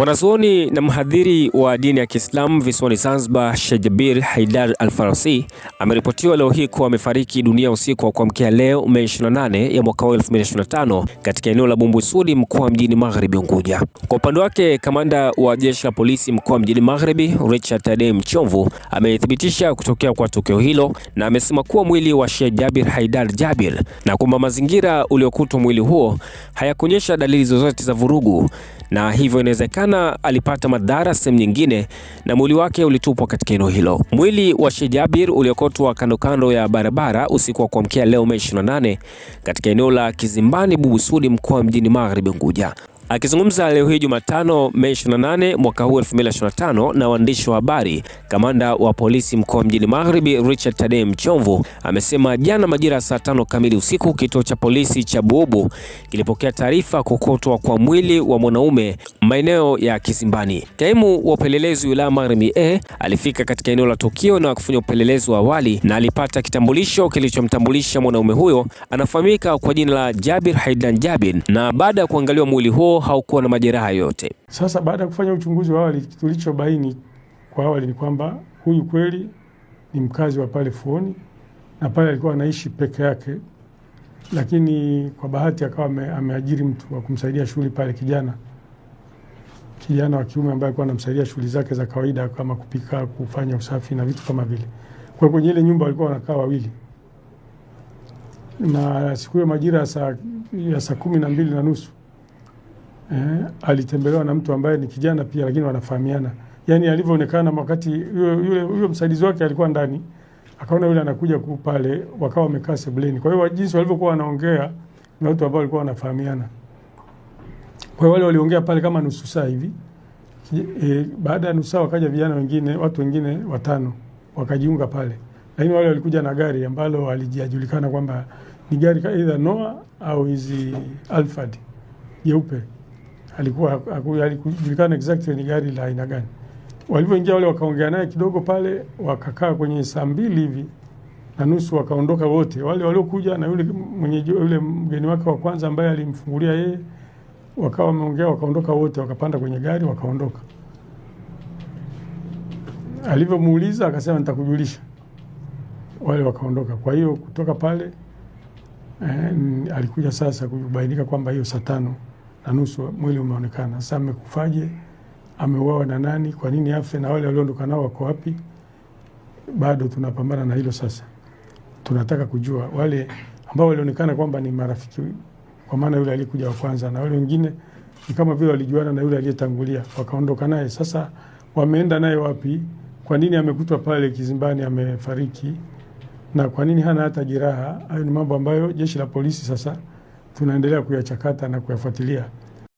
Mwanazuoni na mhadhiri wa dini ya Kiislamu visiwani Zanzibar, Sheikh Jabir Haidar al farasi ameripotiwa leo hii kuwa amefariki dunia usiku wa kuamkia leo Mei 28 ya mwaka 2025 katika eneo la Bumbusudi mkoa mjini Magharibi Unguja. Kwa upande wake, kamanda wa jeshi la polisi mkoa mjini Magharibi Richard Tadei Mchomvu amethibitisha kutokea kwa tukio hilo na amesema kuwa mwili wa Sheikh Jabir Haidar Jabir na kwamba mazingira uliokutwa mwili huo hayakuonyesha dalili zozote za vurugu na hivyo inawezekana Bwana alipata madhara sehemu nyingine na mwili wake ulitupwa katika eneo hilo. Mwili wa Sheikh Jabir uliokotwa kando kando ya barabara usiku wa kuamkia leo Mei 28 katika eneo la Kizimbani Bubusudi, mkoa mjini Magharibi Unguja. Akizungumza leo hii Jumatano, Mei 28 mwaka huu 2025 na waandishi wa habari, kamanda wa polisi mkoa mjini Magharibi Richard Tadei Mchomvu amesema jana majira ya saa tano kamili usiku kituo cha polisi cha Bubu kilipokea taarifa kukotwa kwa mwili wa mwanaume maeneo ya Kisimbani. Kaimu wa upelelezi wilaya Magharibi A e, alifika katika eneo la tukio na kufanya upelelezi wa awali na alipata kitambulisho kilichomtambulisha mwanaume huyo anafahamika kwa jina la Jabir Haidan Jabir, na baada ya kuangaliwa mwili huo haukuwa na majeraha yote. Sasa baada ya kufanya uchunguzi wa awali, tulichobaini kwa awali ni kwamba huyu kweli ni mkazi wa pale Fuoni na pale alikuwa anaishi peke yake, lakini kwa bahati akawa ameajiri mtu wa kumsaidia shughuli pale, kijana kijana wa kiume ambaye alikuwa anamsaidia shughuli zake za kawaida kama kupika, kufanya usafi na vitu kama vile. Kwa hiyo kwenye ile nyumba walikuwa wanakaa wawili, na siku hiyo majira ya saa kumi na mbili na nusu eh, alitembelewa na mtu ambaye ni kijana pia, lakini wanafahamiana. Yani alivyoonekana wakati yule yule msaidizi wake alikuwa ndani, akaona yule anakuja ku pale, wakawa wamekaa sebuleni. Kwa hiyo jinsi walivyokuwa wanaongea ni watu ambao walikuwa wanafahamiana. Kwa hiyo wale waliongea pale kama nusu saa hivi. E, baada ya nusu saa wakaja vijana wengine, watu wengine watano wakajiunga pale, lakini wale walikuja na gari ambalo alijajulikana kwamba ni gari aidha Noah au hizi Alphard jeupe alikuwa alikujulikana exactly ni gari la aina gani. Walivyoingia wale wakaongea naye kidogo pale, wakakaa kwenye saa mbili hivi na nusu, wakaondoka wote wale waliokuja na yule mwenyeji, yule mgeni wake wa kwanza ambaye alimfungulia yeye, wakawa wameongea, wakaondoka wote, wakapanda kwenye gari wakaondoka. Alivyomuuliza akasema nitakujulisha, wale wakaondoka. Kwa hiyo kutoka pale eh, alikuja sasa kubainika kwamba hiyo saa tano na nusu mwili umeonekana. Sasa amekufaje? Ameuawa na nani? Kwa nini afe? Na wale walioondoka nao wako wapi? Bado tunapambana na hilo. Sasa tunataka kujua wale ambao walionekana kwamba ni marafiki, kwa maana yule aliyekuja wa kwanza na wale wengine ni kama vile walijuana na yule aliyetangulia wakaondoka naye. Sasa wameenda naye wapi? Kwa nini amekutwa pale kizimbani amefariki, na kwa nini hana hata jeraha? Hayo ni mambo ambayo jeshi la polisi sasa tunaendelea kuyachakata na kuyafuatilia.